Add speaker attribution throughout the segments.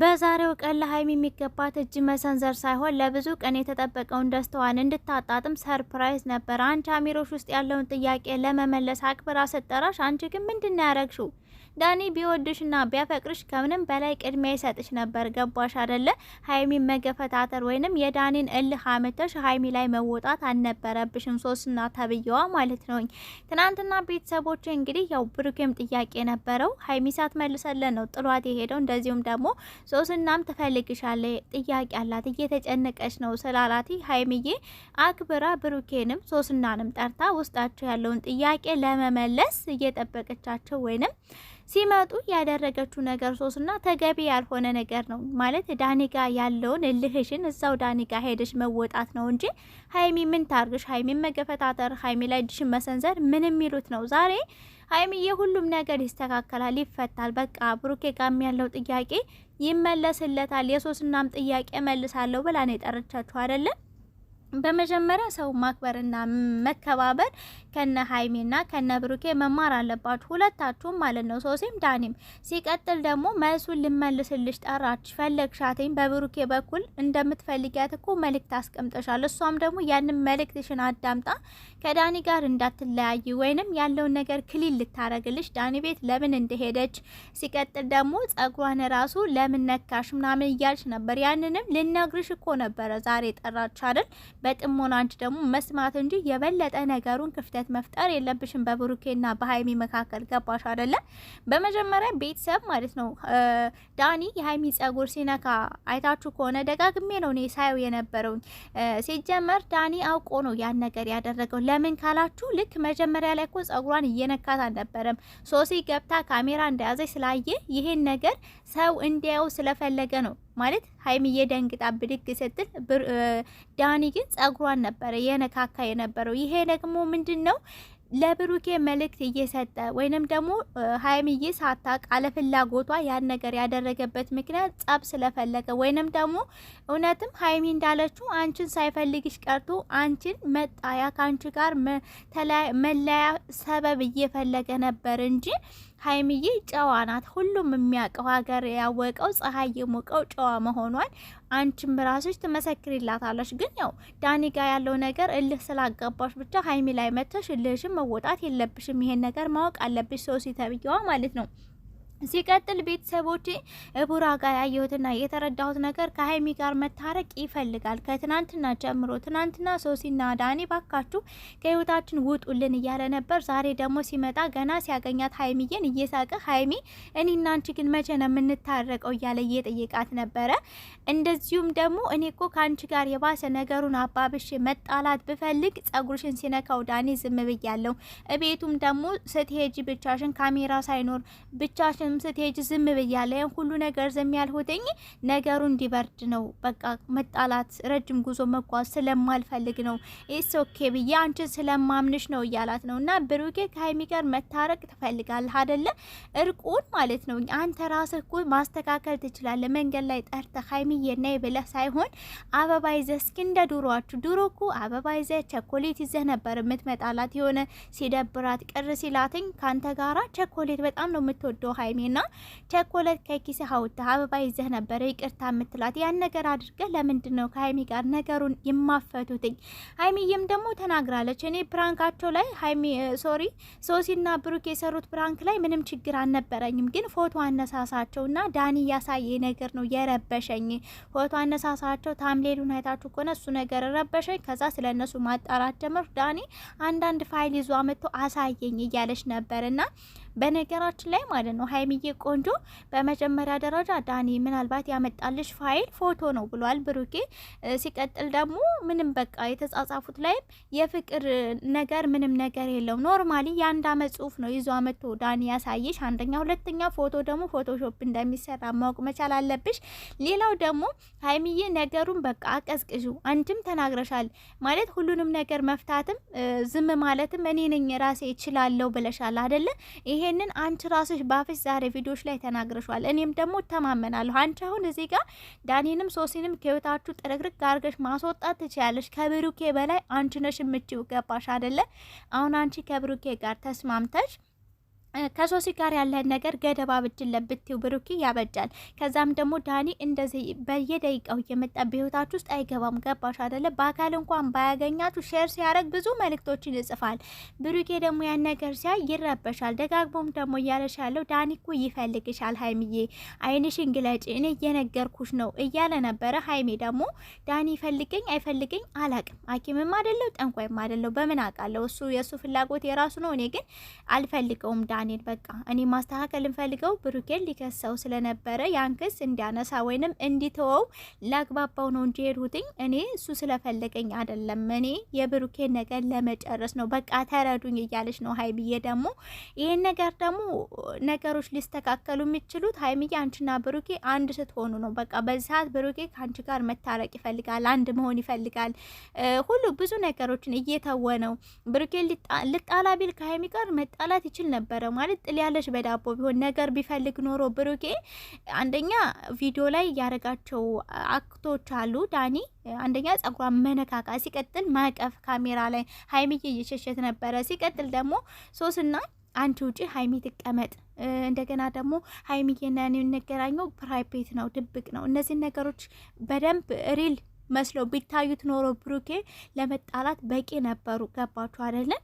Speaker 1: በዛሬው ቀን ለሀይሚ የሚገባት እጅ መሰንዘር ሳይሆን ለብዙ ቀን የተጠበቀውን ደስታዋን እንድታጣጥም ሰርፕራይዝ ነበር። አንቺ አሚሮሽ ውስጥ ያለውን ጥያቄ ለመመለስ አክብራ ስጠራሽ አንቺ ግን ምንድን ነው ያረግሽው? ዳኒ ቢወድሽና ቢያፈቅርሽ ከምንም በላይ ቅድሚያ ይሰጥሽ ነበር። ገባሽ አደለ? ሀይሚን መገፈታተር ወይንም የዳኒን እልህ አመተሽ ሀይሚ ላይ መወጣት አልነበረብሽም። ሶስትና ተብዬዋ ማለት ነውኝ። ትናንትና ቤተሰቦች እንግዲህ ያው ብሩኬም ጥያቄ ነበረው ሀይሚ ሳትመልሰለን ነው ጥሏት የሄደው። እንደዚሁም ደግሞ ሶስናም ትፈልግሻለ ጥያቄ አላት እየተጨነቀች ነው ስላላት ሀይሚዬ አክብራ ብሩኬንም ሶስናንም ጠርታ ውስጣቸው ያለውን ጥያቄ ለመመለስ እየጠበቀቻቸው ወይንም ሲመጡ ያደረገችው ነገር ሶስና ተገቢ ያልሆነ ነገር ነው ማለት ዳኒጋ ያለውን እልህሽን እዛው ዳኒጋ ሄደሽ መወጣት ነው እንጂ ሀይሚ ምን ታርግሽ? ሀይሚ መገፈታተር፣ ሀይሚ ላይ እጅሽን መሰንዘር ምን የሚሉት ነው? ዛሬ ሀይሚ የሁሉም ነገር ይስተካከላል፣ ይፈታል። በቃ ብሩኬ ጋም ያለው ጥያቄ ይመለስለታል፣ የሶስናም ጥያቄ መልሳለሁ ብላ ነው የጠረቻችሁ አይደለም በመጀመሪያ ሰው ማክበርና መከባበር ከነ ሀይሜና ከነ ብሩኬ መማር አለባችሁ ሁለታችሁም ማለት ነው፣ ሶሲም ዳኒም። ሲቀጥል ደግሞ መልሱን ልመልስልሽ ጠራች ፈለግሻትኝ። በብሩኬ በኩል እንደምትፈልጊያት እኮ መልእክት አስቀምጠሻል። እሷም ደግሞ ያንን መልእክትሽን አዳምጣ ከዳኒ ጋር እንዳትለያይ ወይንም ያለውን ነገር ክሊል ልታረግልሽ ዳኒ ቤት ለምን እንደሄደች፣ ሲቀጥል ደግሞ ጸጉሯን ራሱ ለምን ነካሽ ምናምን እያልሽ ነበር። ያንንም ልነግርሽ እኮ ነበረ ዛሬ ጠራች አይደል በጥሞና አንቺ ደግሞ መስማት እንጂ የበለጠ ነገሩን ክፍተት መፍጠር የለብሽም። በብሩኬና በሀይሚ መካከል ገባሽ አይደለም በመጀመሪያ ቤተሰብ ማለት ነው። ዳኒ የሀይሚ ጸጉር ሲነካ አይታችሁ ከሆነ ደጋግሜ ነው እኔ ሳየው የነበረውኝ። ሲጀመር ዳኒ አውቆ ነው ያን ነገር ያደረገው። ለምን ካላችሁ ልክ መጀመሪያ ላይ እኮ ጸጉሯን እየነካት አልነበረም። ሶሲ ገብታ ካሜራ እንደያዘች ስላየ ይሄን ነገር ሰው እንዲያው ስለፈለገ ነው ማለት ሀይሚዬ ደንግጣ ብድግ ስትል፣ ዳኒ ግን ጸጉሯን ነበረ የነካካ የነበረው። ይሄ ደግሞ ምንድን ነው ለብሩኬ መልእክት እየሰጠ ወይንም ደግሞ ሀይምዬ ሳታቅ አለፍላጎቷ ያን ነገር ያደረገበት ምክንያት ጸብ ስለፈለገ ወይንም ደግሞ እውነትም ሀይሚ እንዳለችው አንቺን ሳይፈልግሽ ቀርቶ አንቺን መጣያ ከአንቺ ጋር መለያ ሰበብ እየፈለገ ነበር እንጂ ሀይሚዬ ጨዋ ናት። ሁሉም የሚያውቀው ሀገር ያወቀው ፀሐይ የሞቀው ጨዋ መሆኗን አንቺም ራስሽ ትመሰክሪላታለሽ። ግን ያው ዳኒ ጋ ያለው ነገር እልህ ስላጋባሽ ብቻ ሀይሚ ላይ መጥተሽ እልህሽም መወጣት የለብሽም። ይሄን ነገር ማወቅ አለብሽ። ሰው ሲተብየዋ ማለት ነው ሲቀጥል ቤተሰቦች ቡራ ጋር ያየሁትና የተረዳሁት ነገር ከሀይሚ ጋር መታረቅ ይፈልጋል። ከትናንትና ጀምሮ ትናንትና ሶሲና ዳኒ ባካችሁ ከህይወታችን ውጡልን እያለ ነበር። ዛሬ ደግሞ ሲመጣ ገና ሲያገኛት ሀይሚዬን እየሳቀ ሀይሚ እኔና አንቺ ግን መቼ ነው የምንታረቀው እያለ እየጠየቃት ነበረ። እንደዚሁም ደግሞ እኔ እኮ ከአንቺ ጋር የባሰ ነገሩን አባብሽ መጣላት ብፈልግ ጸጉርሽን ሲነካው ዳኒ ዝም ብያለሁ። እቤቱም ደግሞ ስትሄጂ ብቻሽን ካሜራ ሳይኖር ብቻሽን የትም ስትሄጅ ዝም ብያለ ሁሉ ነገር ዝም ያልሁትኝ ነገሩ እንዲበርድ ነው። በቃ መጣላት፣ ረጅም ጉዞ መጓዝ ስለማልፈልግ ነው። ኢትስ ኦኬ ብዬ አንቺ ስለማምንሽ ነው እያላት ነው። እና ብሩኬ ከሀይሚ ጋር መታረቅ ትፈልጋለህ አደለ? እርቁን ማለት ነው። አንተ ራስህ እኮ ማስተካከል ትችላለህ። መንገድ ላይ ጠርተ ሀይሚዬ ነይ ብለህ ሳይሆን አበባ ይዘህ እስኪ እንደ ዱሯችሁ ዱሮ እኮ አበባ ይዘህ ቸኮሌት ይዘህ ነበር የምትመጣላት የሆነ ሲደብራት ቅር ሲላትኝ ከአንተ ጋራ ቸኮሌት በጣም ነው የምትወደው ሀይሚ ቅድሜና ቸኮለት ከኪስ ሀውት አበባ ይዘህ ነበረ ይቅርታ የምትላት ያን ነገር አድርገህ ለምንድን ነው ከሀይሚ ጋር ነገሩን የማፈቱትኝ? ሀይሚዬም ደግሞ ተናግራለች። እኔ ፕራንካቸው ላይ ሀይሚ ሶሪ ሶሲና ብሩክ የሰሩት ፕራንክ ላይ ምንም ችግር አልነበረኝም፣ ግን ፎቶ አነሳሳቸውና ዳኒ ያሳየ ነገር ነው የረበሸኝ። ፎቶ አነሳሳቸው ታምሌሉን አይታችሁ ከሆነ እሱ ነገር ረበሸኝ። ከዛ ስለ እነሱ ማጣራት ጀምር ዳኒ አንዳንድ ፋይል ይዞ አመጥቶ አሳየኝ እያለች ነበር እና በነገራችን ላይ ማለት ነው ሀይሚዬ ቆንጆ፣ በመጀመሪያ ደረጃ ዳኒ ምናልባት ያመጣልሽ ፋይል ፎቶ ነው ብሏል ብሩኬ። ሲቀጥል ደግሞ ምንም በቃ የተጻጻፉት ላይም የፍቅር ነገር ምንም ነገር የለው። ኖርማሊ የአንድ አመት ጽሁፍ ነው ይዞ አመቶ ዳኒ ያሳይሽ አንደኛ፣ ሁለተኛ ፎቶ ደግሞ ፎቶሾፕ እንደሚሰራ ማወቅ መቻል አለብሽ። ሌላው ደግሞ ሀይሚዬ ነገሩን በቃ አቀዝቅዡ። አንድም ተናግረሻል ማለት ሁሉንም ነገር መፍታትም ዝም ማለትም እኔ ነኝ ራሴ እችላለሁ ብለሻል አደለ? ይሄ ይሄንን አንቺ ራስሽ ባፍሽ ዛሬ ቪዲዮች ላይ ተናግረሻል። እኔም ደግሞ ተማመናለሁ። አንቺ አሁን እዚህ ጋር ዳኒንም ሶሲንም ከህይወታችሁ ጥርግርግ አድርገሽ ማስወጣት ትችያለሽ። ከብሩኬ በላይ አንቺ ነሽ የምችው። ገባሽ አደለ? አሁን አንቺ ከብሩኬ ጋር ተስማምተሽ ከሶሲ ጋር ያለህን ነገር ገደባ ብድል ለብትው ብሩኪ ያበጃል። ከዛም ደግሞ ዳኒ እንደዚህ በየደቂቃው እየመጣ በህይወታችሁ ውስጥ አይገባም። ገባሽ አደለ? በአካል እንኳን ባያገኛችሁ ሼር ሲያደርግ ብዙ መልእክቶችን ይጽፋል። ብሩኬ ደግሞ ያን ነገር ሲያይ ይረበሻል። ደጋግሞም ደግሞ እያለሽ ያለው ዳኒ እኮ ይፈልግሻል፣ ሀይሚዬ አይንሽን ግለጭ፣ እኔ እየነገርኩሽ ነው እያለ ነበረ። ሀይሜ ደግሞ ዳኒ ይፈልገኝ አይፈልገኝ አላቅም፣ ሐኪምም አደለው ጠንቋይም አደለው በምን አውቃለሁ? እሱ የእሱ ፍላጎት የራሱ ነው፣ እኔ ግን አልፈልገውም ዳ ዳንኤል በቃ እኔ ማስተካከል እንፈልገው ብሩኬን ሊከሰው ስለነበረ ያን ክስ እንዲያነሳ ወይንም እንዲተወው ላግባባው ነው እንጂ ሄድሁትኝ እኔ እሱ ስለፈለገኝ አይደለም። እኔ የብሩኬን ነገር ለመጨረስ ነው። በቃ ተረዱኝ እያለች ነው ሀይሚዬ። ደግሞ ይህን ነገር ደግሞ ነገሮች ሊስተካከሉ የሚችሉት ሀይሚዬ አንቺና ብሩኬ አንድ ስትሆኑ ነው። በቃ በዚህ ሰዓት ብሩኬ ከአንቺ ጋር መታረቅ ይፈልጋል፣ አንድ መሆን ይፈልጋል። ሁሉ ብዙ ነገሮችን እየተወ ነው። ብሩኬ ልጣላ ቢል ከሀይሚ ጋር መጣላት ይችል ነበረ ነበረ ማለት ጥልያለሽ በዳቦ ቢሆን ነገር ቢፈልግ ኖሮ ብሩኬ አንደኛ ቪዲዮ ላይ ያደረጋቸው አክቶች አሉ ዳኒ አንደኛ ጸጉሯ መነካካ፣ ሲቀጥል ማቀፍ ካሜራ ላይ ሀይሚዬ እየሸሸት ነበረ። ሲቀጥል ደግሞ ሶስና አንቺ ውጪ ሀይሚ ትቀመጥ። እንደገና ደግሞ ሀይሚዬና እኔ የምንገናኘው ፕራይቬት ነው፣ ድብቅ ነው። እነዚህን ነገሮች በደንብ ሪል መስለው ቢታዩት ኖሮ ብሩኬ ለመጣላት በቂ ነበሩ። ገባችሁ አይደለም?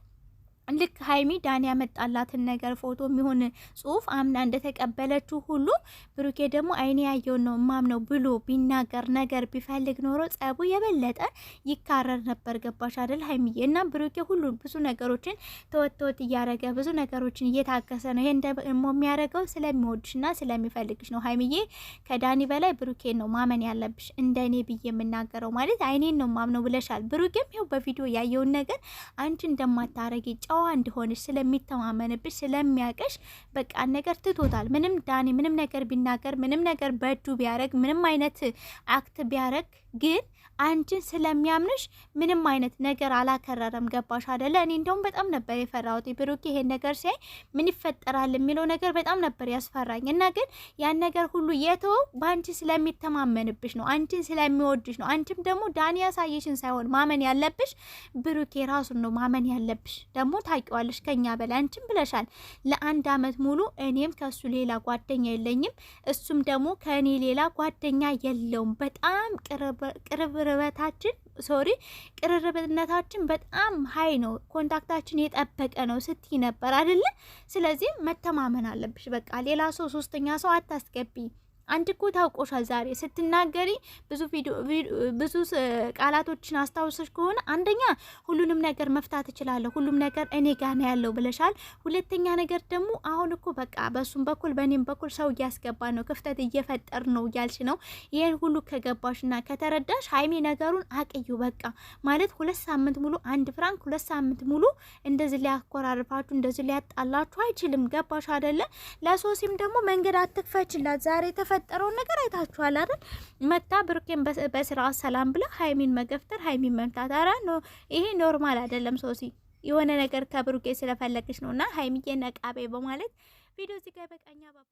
Speaker 1: ልክ ሀይሚ ዳኒ ያመጣላትን ነገር ፎቶ የሚሆን ጽሁፍ አምና እንደተቀበለችው ሁሉ ብሩኬ ደግሞ አይኔ ያየውን ነው ማም ነው ብሎ ቢናገር ነገር ቢፈልግ ኖሮ ጸቡ የበለጠ ይካረር ነበር። ገባሽ አደል ሀይሚዬ? እና ብሩኬ ሁሉ ብዙ ነገሮችን ተወት እያረገ ብዙ ነገሮችን እየታገሰ ነው። ይሄን ደግሞ የሚያደርገው ስለሚወድሽና ስለሚፈልግሽ ነው። ሀይሚዬ ከዳኒ በላይ ብሩኬ ነው ማመን ያለብሽ። እንደ እኔ ብዬ የምናገረው ማለት አይኔን ነው ማም ነው ብለሻል። ብሩኬም ይኸው በቪዲዮ ያየውን ነገር አንቺ እንደማታረጊ ጨዋ እንደሆነች ስለሚተማመንብሽ ስለሚያቀሽ በቃ ነገር ትቶታል። ምንም ዳኒ ምንም ነገር ቢናገር ምንም ነገር በእጁ ቢያረግ ምንም አይነት አክት ቢያረግ ግን አንቺን ስለሚያምንሽ ምንም አይነት ነገር አላከረረም። ገባሽ አደለ? እኔ እንደውም በጣም ነበር የፈራሁት ብሩክ ይሄን ነገር ሲያይ ምን ይፈጠራል የሚለው ነገር በጣም ነበር ያስፈራኝ። እና ግን ያን ነገር ሁሉ የተወው በአንቺ ስለሚተማመንብሽ ነው፣ አንቺን ስለሚወድሽ ነው። አንቺም ደግሞ ዳኒ ያሳየሽን ሳይሆን ማመን ያለብሽ ብሩክ ራሱን ነው ማመን ያለብሽ። ደግሞ ታውቂዋለሽ ከኛ በላይ አንቺም ብለሻል። ለአንድ አመት ሙሉ እኔም ከሱ ሌላ ጓደኛ የለኝም፣ እሱም ደግሞ ከእኔ ሌላ ጓደኛ የለውም። በጣም ቅርብ ቅርበታችን ሶሪ ቅርርብነታችን በጣም ሀይ ነው፣ ኮንታክታችን የጠበቀ ነው ስትይ ነበር አይደለ? ስለዚህም መተማመን አለብሽ። በቃ ሌላ ሰው ሶስተኛ ሰው አታስገቢ። አንድ እኮ ታውቆሻል። ዛሬ ስትናገሪ ብዙ ብዙ ቃላቶችን አስታውሰሽ ከሆነ አንደኛ ሁሉንም ነገር መፍታት እችላለሁ፣ ሁሉም ነገር እኔ ጋር ነው ያለው ብለሻል። ሁለተኛ ነገር ደግሞ አሁን እኮ በቃ በሱም በኩል በእኔም በኩል ሰው እያስገባ ነው፣ ክፍተት እየፈጠር ነው እያልሽ ነው። ይህን ሁሉ ከገባሽና ከተረዳሽ ሀይሜ ነገሩን አቅዩ። በቃ ማለት ሁለት ሳምንት ሙሉ አንድ ፍራንክ፣ ሁለት ሳምንት ሙሉ እንደዚህ ሊያኮራርፋችሁ እንደዚህ ሊያጣላችሁ አይችልም። ገባሽ አደለ? ለሶሲም ደግሞ መንገድ አትክፈችላት ዛሬ የተፈጠረውን ነገር አይታችኋል አይደል? መታ ብሩኬን በስርዓት ሰላም ብለ ሀይሚን መገፍተር፣ ሀይሚን መምታት። አረ ይሄ ኖርማል አይደለም። ሶሲ የሆነ ነገር ከብሩኬ ስለፈለገች ነው እና ሀይሚዬ ነቃቤ በማለት ቪዲዮ እዚህ በቀኛ በቃኛ።